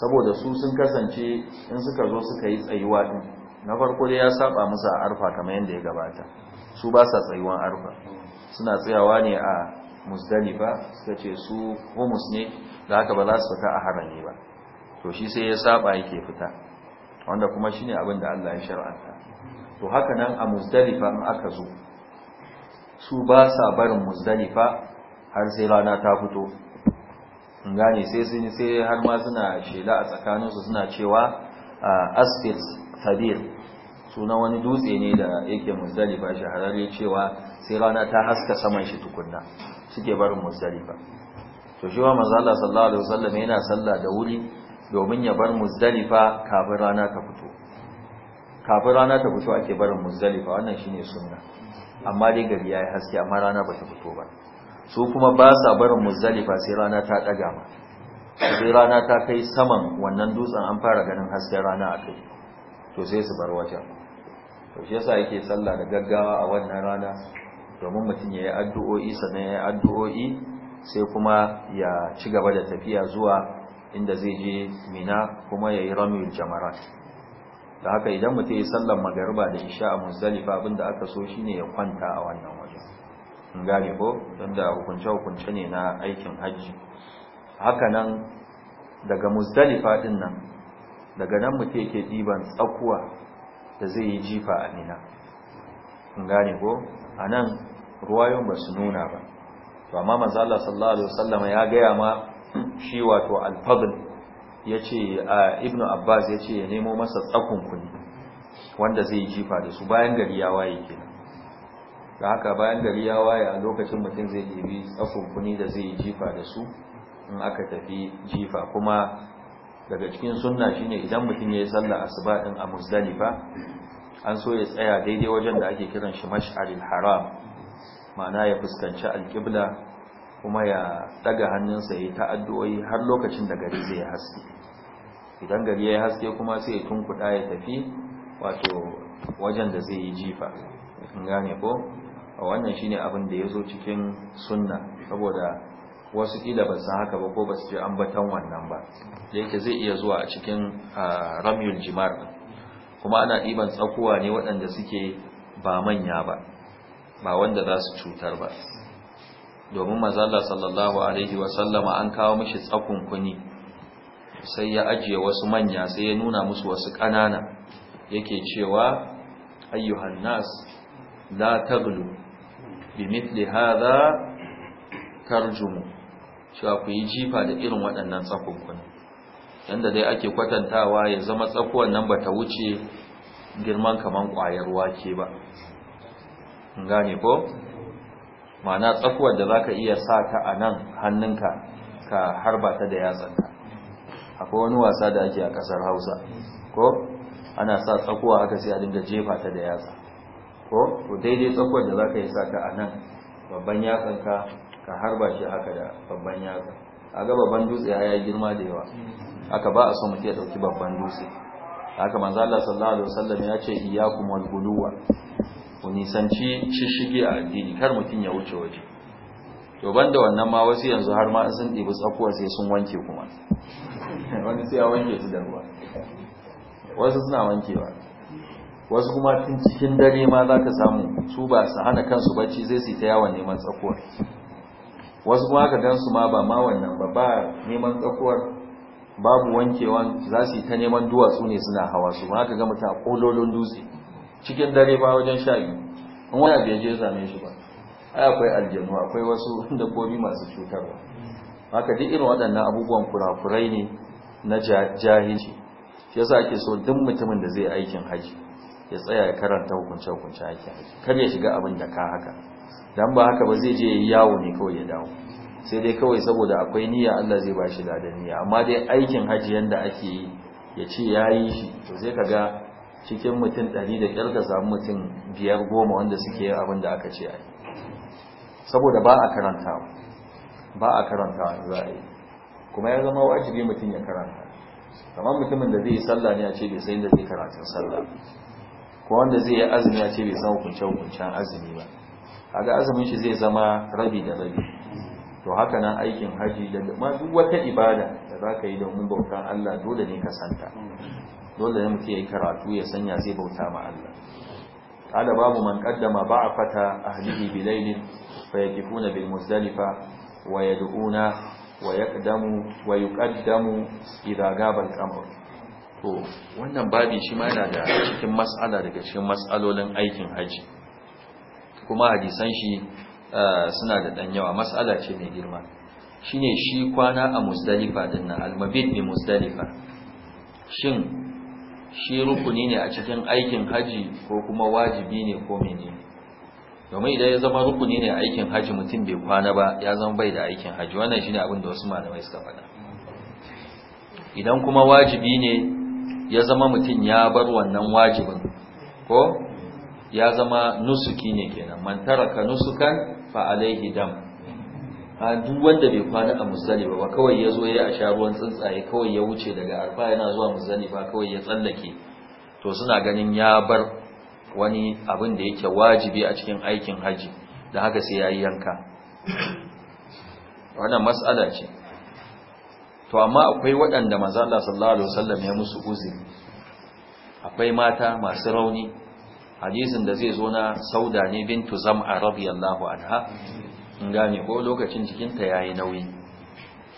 saboda su sun kasance in suka zo suka yi tsayuwa din na farko dai ya saba musu a arfa kamar yanda ya gabata su ba sa tsayuwan arfa suna tsayawa ne a muzdalifa suka ce su humus ne da haka ba za su fita a harami ba to shi sai ya saba yake fita wanda kuma shine abin da Allah ya shar'anta to haka nan a muzdalifa in aka zo su ba sa barin muzdalifa har sai rana ta fito in gane sai sun sai har ma suna shela a tsakaninsu suna cewa ah, asfir tabir suna wani dutse ne da yake muzdalifa shahararre cewa sai rana ta haska saman shi tukunna suke barin muzdalifa to shi wa manzala sallallahu alaihi wasallam yana sallah da wuri domin ya bar muzdalifa kafin rana ta fito kafin rana ta fito ake barin muzalifa, wannan shine sunna amma dai gari yayi haske amma rana bata fito ba su kuma ba sa barin muzalifa sai rana ta daga ma sai rana ta kai saman wannan dutsen an fara ganin hasken rana a kai to sai su bar wajen to shi yasa yake sallah da gaggawa a wannan rana domin mutum ya yi addu'o'i sannan ya yi addu'o'i sai kuma ya ci gaba da tafiya zuwa inda zai je mina kuma ya yi ramil jamarat da haka idan mutum ya sallar magariba da isha a muzdalifa abinda aka so shi ne ya kwanta a wannan wajen in gane ko don da hukunce-hukunce ne na aikin hajji haka nan daga muzdalifa din nan daga nan mutum yake ɗiban tsakuwa da zai yi jifa a nina in gane ko a nan ruwayon ba su nuna ba to amma manzo sallallahu alaihi wasallam ya gaya ma shi wato al-fadl yace ibnu abbas ya ce ya nemo masa tsakon kuni wanda zai jifa da su bayan gari ya waye ke da haka bayan gari ya waye a lokacin mutum zai ɗabi tsakon kuni da zai jifa da su in aka tafi jifa kuma daga cikin sunna shine idan mutum ya yi sallah asuba din a muzdalifa an so ya tsaya daidai wajen da ake kiran shi mash'aril haram ma'ana ya fuskanci alƙibla kuma ya daga hannunsa ya ta addu'o'i har lokacin da gari zai haske idan gari ya yi haske kuma sai ya kuɗa ya tafi wato wajen da zai yi jifa in gane ko a wannan shine abin da ya zo cikin sunna saboda wasu ƙila ba su haka ba ko ba su je ambatan wannan ba da yake zai iya zuwa a cikin Ramyun jimar kuma ana ɗiban tsakuwa ne waɗanda suke ba manya ba ba wanda za su cutar ba domin mazalla sallallahu alaihi wasallama an kawo mishi tsakun kuni sai ya ajiye wasu manya sai ya nuna musu wasu ƙanana yake cewa ayyuhan nas la taglu mithli hadha tarjumu cewa ku yi jifa da irin waɗannan tsakunkuna yanda dai ake kwatantawa ya zama tsakuwan nan ba ta wuce girman kaman ƙwayar wake ba gane ko ma'ana tsakuwar da za ka iya sa ta a nan hannunka ka harbata da yatsanta. akwai wani wasa da ake a kasar hausa ko ana sa tsakuwa haka sai a dinga jefa ta da yatsa ko ko daidai tsakuwar da za ka yi sa ka a nan babban yatsan ka ka harba shi haka da babban yatsa a ga babban dutse ya girma da yawa aka ba a so mutum ya dauki babban dutse haka manzo Allah sallallahu alaihi wasallam ya ce iyyakum wal guluwa ku nisanci shishige a addini kar mutum ya wuce waje to banda wannan ma wasu yanzu har ma sun ɗibi tsakuwa sai sun wanke kuma wani sai ya wanke su da ruwa wasu suna wankewa wasu kuma cikin dare ma za ka samu su ba su hana kansu bacci zai su ta yawon neman tsakuwar wasu kuma ka gansu ma ba ma wannan ba ba neman tsakuwar babu wankewa, za su yi ta neman duwatsu ne suna hawa su ma ka gama ta kololon dutse cikin dare ba wajen sha biyu in wani abu ya je zame shi ba ai akwai aljanu akwai wasu dabbobi masu cutarwa haka duk irin waɗannan abubuwan kurakurai ne na jahilci shi yasa ake so duk mutumin da zai aikin haji ya tsaya ya karanta hukunce hukunce aikin haji kar ya shiga abin da ka haka dan ba haka ba zai je yawo ne kawai ya dawo sai dai kawai saboda akwai niyya Allah zai bashi ladan niyya amma dai aikin haji yanda ake yi ya ce yayi shi to sai kaga cikin mutum 100 da kyar ka samu mutum biyar goma wanda suke yin abin da aka ce ai saboda ba a karantawa ba a karantawa za a yi kuma ya zama wajibi mutum ya karanta kamar mutumin da zai yi sallah ne a ce bai san da zai karatun sallah ko wanda zai yi azumi a ce bai san hukunce hukuncen azumi ba kaga azumin shi zai zama rabi da rabi to haka nan aikin haji da ma duk wata ibada da za ka yi domin bautan Allah dole ne ka santa dole ne mutum ya yi karatu ya sanya zai bauta ma Allah قال باب من قدم بعفة أهله بليل فيكفون بالمزدلفة ويدعون wa yaqdamu wa yuqaddamu idza to wannan babi shi ma yana da cikin mas'ala daga cikin mas'alolin aikin haji kuma hadisan shi eh, suna da dan yawa mas'ala ce mai girma shine shi kwana a Muzdalifa dinnan al-mabit bi musdalifa shin shi rukuni ne a cikin aikin haji ko kuma wajibi ne ko menene domin idan ya zama rukuni ne aikin haji mutum bai kwana ba ya zama bai da aikin haji wannan shine abin da wasu malamai suka faɗa idan kuma wajibi ne ya zama mutum ya bar wannan wajibin ko ya zama nusuki ne kenan man taraka nusukan fa alaihi dam a duk wanda bai kwana a muzdalifa ba kawai ya zo ya a sha ruwan tsuntsaye kawai ya wuce daga arfa yana zuwa ba kawai ya tsallake to suna ganin ya bar wani abin da yake wajibi a cikin aikin haji da haka sai ya yi yanka wannan matsala ce to amma akwai waɗanda mazala sallallahu alaihi wasallam ya musu uzi akwai mata masu rauni hadisin da zai zo na sauda ne bintu zam'a radiyallahu anha in gane ko lokacin jikinta yayi nauyi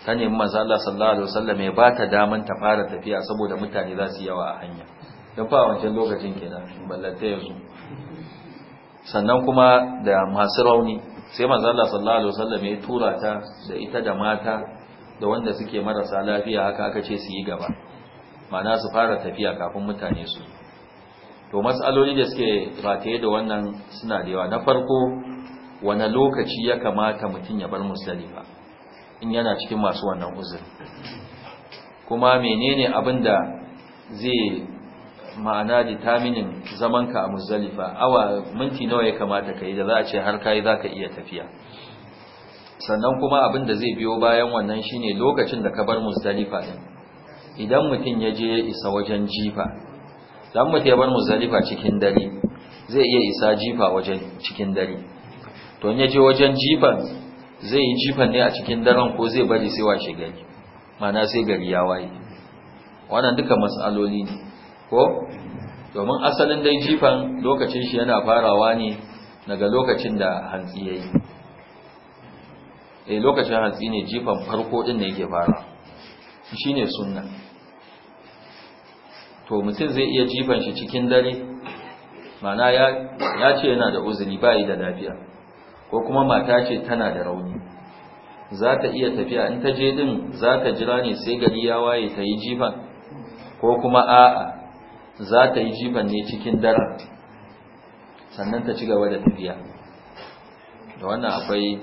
ta nemi mazala sallallahu alaihi wasallam ya bata daman ta fara tafiya saboda mutane za su yawa a hanya don fa wancan lokacin kenan ballanta yanzu sannan kuma da masu rauni sai manzala sallallahu alaihi wasallam ya tura ta da ita da mata da wanda suke marasa lafiya haka aka ce su yi gaba ma'ana su fara tafiya kafin mutane su to matsaloli da suke rataye da wannan suna da yawa na farko wani lokaci ya kamata mutum ya bar musdalifa in yana cikin masu wannan uzuri kuma menene abin da zai ma'ana taminin zamanka a muzalifa awa minti nawa ya kamata ka yi da za a ce har kayi za ka iya tafiya sannan kuma abin da zai biyo bayan wannan shine lokacin da ka bar muzalifa din idan mutum ya je ya isa wajen jifa dan mutum ya bar muzalifa cikin dare zai iya isa jifa wajen cikin dare to ya je wajen jifan zai yi jifan ne a cikin daren ko zai bari sai washe gari ma'ana sai gari ya waye wannan duka matsaloli ne ko domin asalin dai jifan lokacin shi yana farawa ne daga lokacin da hantsi yayi eh lokacin hantsi ne jifan farko din ne yake fara Shi ne sunna to mutum zai iya jifan shi cikin dare mana ya ce yana da uzuri bayi da lafiya ko kuma mata ce tana da rauni za ta iya tafiya in ta je din za ta jira ne sai gari ya waye ta yi jifan ko kuma a'a za ta yi jiban ne cikin dara sannan ta ci gaba da tafiya da wannan akwai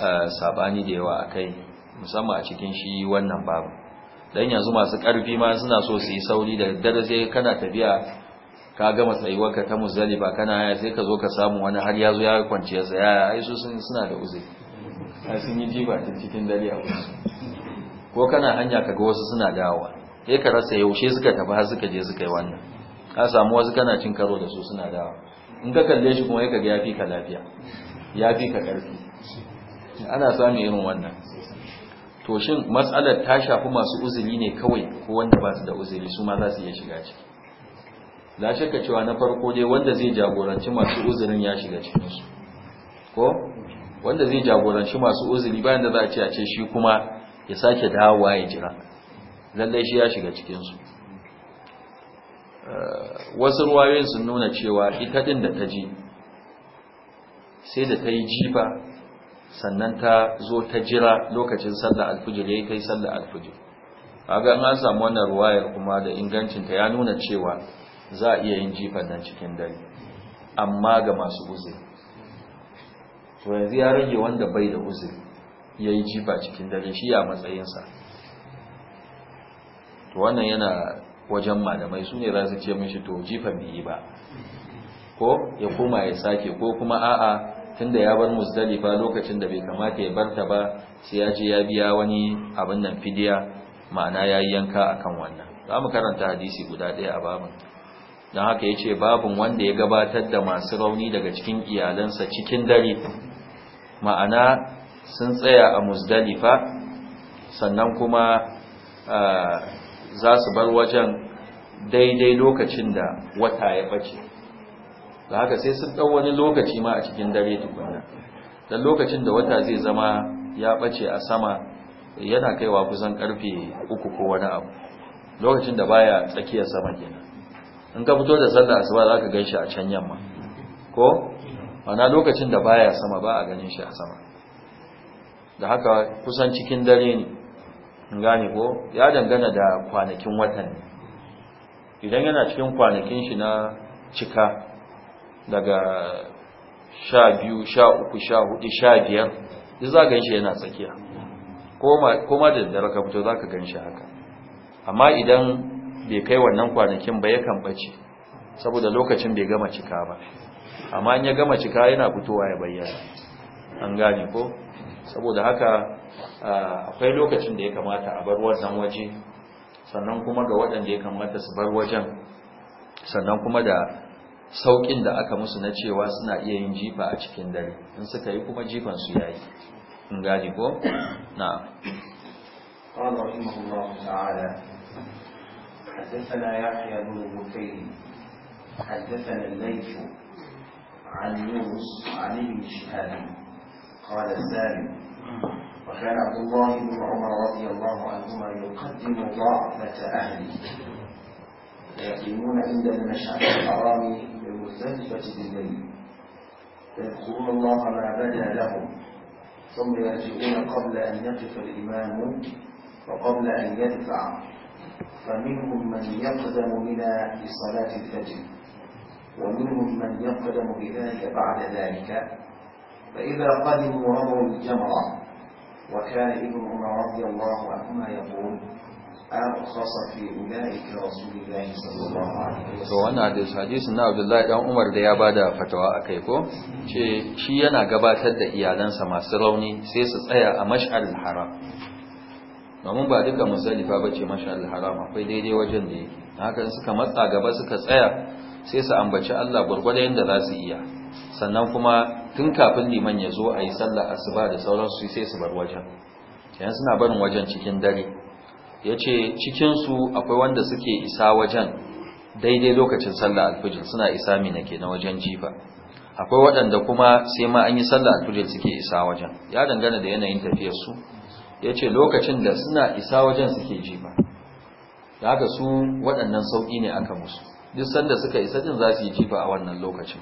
eh, sabani da yawa a kai musamman a cikin shi wannan babu don yanzu masu ƙarfi ma suna so su yi sauri da daddare sai kana tafiya ka gama tsayuwarka ta muzaliba kana haya sai ka zo ka samu wani har ya zo ya kwanci ya tsaya ai su suna da uzuri ai sun yi jiba tun cikin dare a wasu ko kana hanya ka ga wasu suna dawowa sai ka rasa yaushe suka tafi har suka je suka yi wannan ka samu wasu kana cin karo da su suna dawa in ka kalle shi kuma ya ya fi ka lafiya ya fi ka ƙarfi ana samun irin wannan to shin matsalar ta shafi masu uzuri ne kawai ko wanda ba su da uzuri su ma za su iya shiga ciki la shakka cewa na farko dai wanda zai jagoranci masu uzurin ya shiga cikin su ko wanda zai jagoranci masu uzuri bayan da za a ce a ce shi kuma ya sake dawowa ya jira lallai shi ya shiga cikin su wasu ruwayoyin sun nuna cewa ita din da ta ji sai da ta yi jifa sannan ta zo ta jira lokacin sallar alfijir ya yi ta yi sallar alfijir hagan an samu wannan ruwayar kuma da ingancinta ya nuna cewa za a iya yin jifan nan cikin dare amma ga masu uzuri to yanzu ya rage wanda bai da uzuri ya yi jifa cikin dare shi a matsayinsa to wannan yana wajen malamai su ne za su ce mashi to jifan biyi ba ko ya koma ya sake ko kuma a'a tunda ya bar muzdalifa lokacin da bai kamata ya barta ba sai ya je ya biya wani abin nan fidiya ma'ana yayi yanka akan wannan za mu karanta hadisi guda ɗaya a babin don haka ya ce babin wanda ya gabatar da masu rauni daga cikin iyalansa cikin dare ma'ana sun tsaya a muzdalifa sannan kuma ah, za su bar wajen daidai lokacin da wata ya bace da haka sai sun ɗau wani lokaci ma a cikin dare tukunna don lokacin da wata zai zama ya bace a sama yana kaiwa kusan karfe uku ko wani abu lokacin da baya tsakiyar sama kenan in ka fito da sallar asuba za ka gan shi a can yamma ko mana lokacin da baya sama ba a ganin shi a sama da haka kusan cikin dare ne gane ko ya dangana da kwanakin watan idan yana cikin kwanakin shi na cika daga sha biyu sha uku sha hudu sha biyar duk za gan shi yana tsakiya koma da daddare ka fito za ka gan haka amma idan bai kai wannan kwanakin ba yakan bace saboda lokacin bai gama cika ba amma in ya gama cika yana fitowa ya bayyana an gane ko saboda haka akwai lokacin da ya kamata a bar wannan waje sannan kuma ga waɗanda ya kamata su bar wajen sannan kuma da saukin da aka musu na cewa suna iya yin jifa a cikin dare in suka yi kuma jifan su yayi in gani ko na قال رحمه الله تعالى حدثنا يحيى بن بكير حدثنا الليث عن يونس عن ابن شهاب قال سالم وكان عبد الله بن عمر رضي الله عنهما يقدم ضعفة أهله فيقيمون عند المشعر الحرام بالمختلفة بالليل فيذكرون الله ما بدا لهم ثم يرجعون قبل أن يقف الإمام وقبل أن يدفع فمنهم من يقدم بنا في صلاة الفجر ومنهم من يقدم بذلك بعد ذلك فإذا قدموا رموا الجمرة وكان ابن عمر رضي الله عنهما يقول to wannan hadis hadisin na Abdullahi ɗan Umar da ya bada fatawa kai ko ce shi yana gabatar da iyalansa masu rauni sai su tsaya a al haram domin ba duka ba bace al haram akwai daidai wajen da yake haka suka matsa gaba suka tsaya sai su ambaci Allah gurgurda yadda za su iya sannan kuma tun kafin liman ya zo a yi sallar asuba da sauransu sai su bar wajen yan suna barin wajen cikin dare ya ce cikinsu akwai wanda suke isa wajen daidai lokacin sallar alfijin suna isa mina ke na wajen jifa akwai waɗanda kuma sai ma an yi sallar alfijin suke isa wajen ya dangana da yanayin tafiyarsu ya ce lokacin da suna isa wajen suke jifa da haka su waɗannan sauƙi ne aka musu duk sanda suka isa din za jifa a wannan lokacin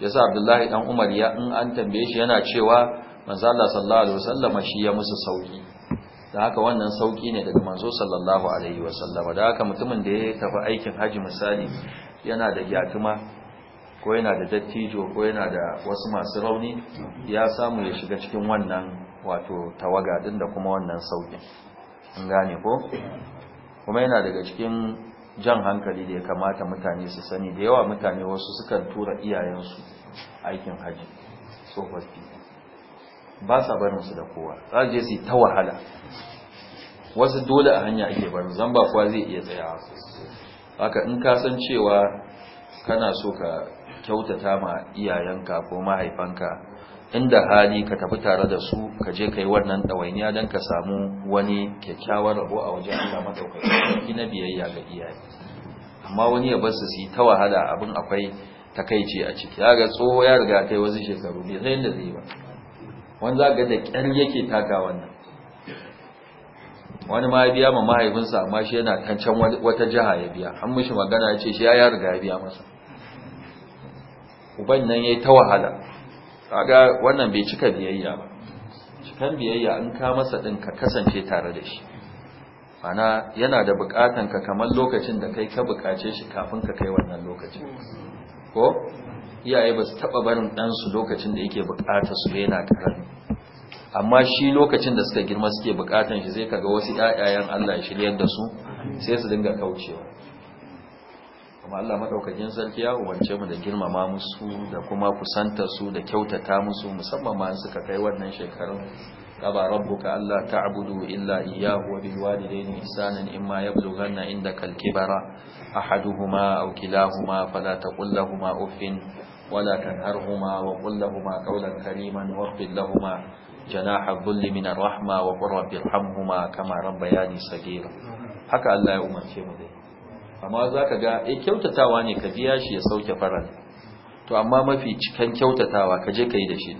yasa abdullahi dan umar ya in an tambaye shi yana cewa manzo Allah sallallahu alaihi wasallama shi ya musu sauki da haka wannan sauki ne daga manzo sallallahu alaihi wasallama da haka mutumin da ya tafi aikin haji misali yana da gyatuma, ko yana da dattijo ko yana da wasu masu rauni ya samu ya shiga cikin wannan wato tawaga din da kuma wannan sauki an gane ko kuma yana daga cikin jan hankali da ya kamata mutane su sani da yawa mutane wasu sukan tura iyayensu aikin haji tsofaffi ba sa barinsu da kowa za je su ta wahala wasu dole a hanya ake barin zan ba kuwa zai iya tsayawa haka in ka san cewa kana so ka kyautata ma iyayenka ko mahaifanka inda hali ka tafi tare da su ka je kai wannan ɗawainiya don ka samu wani kyakkyawar rabo a wajen Allah madaukaki ki na biyayya ga iyaye amma wani ya basu su yi ta wahala abin akwai takaici a ciki ya ga tsoho ya riga kai wasu shekaru bai sai da zai ba wani za ga da ƙyar yake taka wannan wani ma ya biya ma mahaifinsa amma shi yana kan can wata jiha ya biya an mishi magana ya ce shi ya riga ya biya masa uban nan ya yi ta wahala kaga wannan bai cika biyayya ba cikan biyayya in ka masa din ka kasance tare da shi ana yana da bukatan ka kamar lokacin da kai ka bukace shi kafin ka kai wannan lokacin ko iyaye ba su taba barin dan su lokacin da yake bukata su yana karami amma shi lokacin da suka girma suke bukatan shi sai kaga wasu ƴaƴayen Allah ya shiryar da su sai su dinga kaucewa kuma Allah madaukakin sarki ya umarce mu da girmama musu da kuma kusanta su da kyautata musu musamman ma suka kai wannan shekarun qaba rabbuka alla ta'budu illa iyyahu wa bil walidayni ihsanan imma yablughanna indaka al kibara ahaduhuma aw kilahuma fala taqul lahumā uffin ولا تنهرهما وقل لهما قولا كريما واغفر لهما جناح الذل من الرحمه وقل رب ارحمهما كما ربياني صغيرا haka Allah ya umarce mu dai amma za ka ga e kyautatawa ne ka biya shi ya sauke faran. to amma mafi cikin kyautatawa ka je ka yi da shi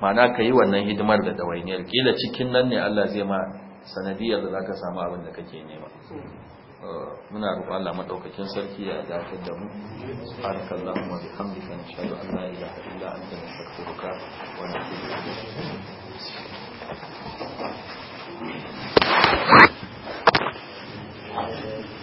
mana ka yi wannan hidimar da dawainiyar kila cikin nan ne Allah zai ma sanadiyar da za ka samu abin da kake nema uh, muna roƙon Allah madaukakin sarki ya dace da mu subhanakallahu wa bihamdika nashhadu an la ilaha illa anta nastaghfiruka wa natubu ilayk